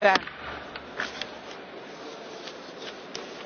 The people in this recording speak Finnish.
perään.